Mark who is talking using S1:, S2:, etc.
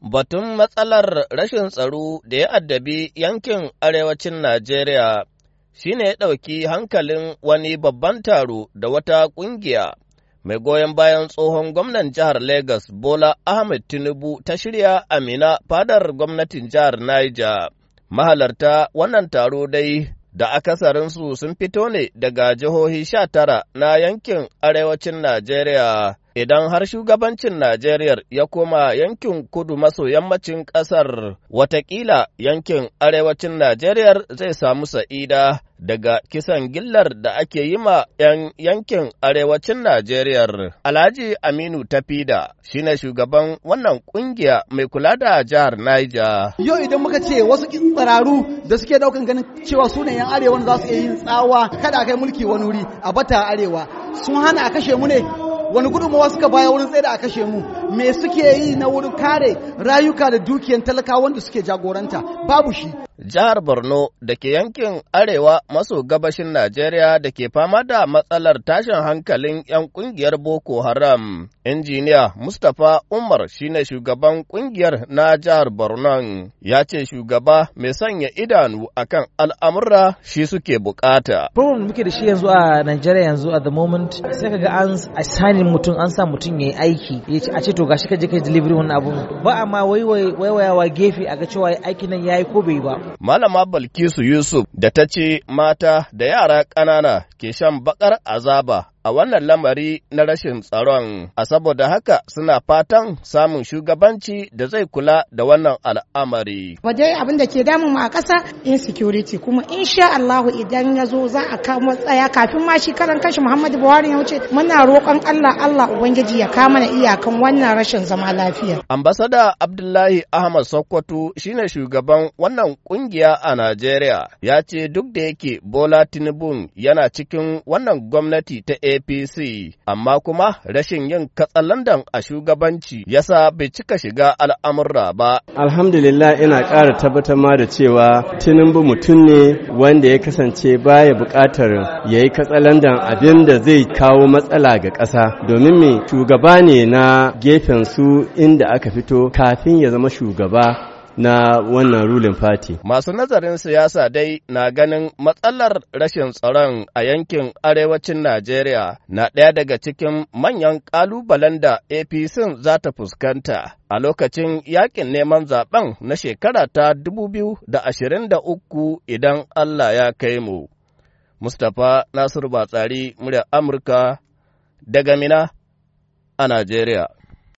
S1: Batun matsalar rashin tsaro da ya addabi yankin arewacin Najeriya shi ne ya ɗauki hankalin wani babban taro da wata ƙungiya mai goyon bayan tsohon gwamnan jihar Legas Bola Ahmed Tinubu ta shirya Amina fadar gwamnatin jihar Niger. Mahalarta wannan taro dai da akasarinsu sun fito ne daga jihohi sha tara na yankin arewacin Najeriya. idan har shugabancin Najeriya ya koma yankin kudu maso yammacin ƙasar, watakila yankin arewacin Najeriya zai samu sa'ida daga kisan gillar da ake yi ma 'yan yankin arewacin Najeriya. Alhaji Aminu Tafida shi shugaban wannan kungiya mai kula da jihar Niger. Yau idan muka ce wasu tsararu da suke daukan ganin
S2: cewa su 'yan arewa za su iya yin tsawa kada kai mulki wani wuri a bata arewa sun hana a kashe mu ne wani gudunmawa suka baya wurin tsaye da a kashe mu me suke yi na wurin kare rayuka da dukiyan talaka wanda suke jagoranta babu shi
S1: Jihar Borno da ke yankin Arewa maso gabashin Najeriya da ke fama da matsalar tashin hankalin 'yan kungiyar Boko Haram. Injiniya Mustapha Umar shine shugaban kungiyar na jihar Borno ya ce shugaba mai sanya idanu akan al'amura shi suke bukata.
S2: Problem muke da shi yanzu a Najeriya yanzu a the moment sai ka an sani mutum an sa mutum ya yi aiki ya ce a ce to gashi ka je ka delivery wannan abun ba a ma waiwayawa gefe a ga cewa aikin nan yayi ko bai ba.
S1: Malama Balkisu Yusuf da ta ce mata da yara ƙanana ke shan baƙar azaba a wannan lamari na rashin tsaron, a saboda haka suna fatan samun shugabanci da zai kula da wannan al'amari.
S2: Waje abin da ke damu mu a ƙasa insecurity kuma insha Allahu idan ya zo za a kama tsaya kafin ma shi karan kashi Muhammadu Buhari ya wuce muna roƙon Allah Allah Ubangiji ya kama na iyakan wannan rashin zama lafiya.
S1: Ambasada Abdullahi Ahmad Sokoto shine shugaban wannan kungiya a Najeriya ya ce duk da yake Bola Tinubu yana cikin wannan gwamnati ta APC, amma kuma rashin yin katsalandan a shugabanci ya sa bai cika shiga al'amurra ba.
S3: Alhamdulillah ina ƙara tabbatar ma da cewa Tinubu mutum ne wanda ya kasance baya buƙatar ya yi katsalandan abin da zai kawo matsala ga ƙasa. Domin me shugaba ne na gefen su inda aka fito kafin ya zama shugaba na wannan ruling party.
S1: Masu nazarin siyasa dai na ganin matsalar rashin tsaron a yankin arewacin Najeriya na ɗaya daga cikin manyan ƙalubalen da APC za ta fuskanta a lokacin yakin neman zaben na shekara ta 2023 idan Allah ya kai mu. Mustapha Nasiru Batsari, muryar Amurka, daga Mina a Najeriya.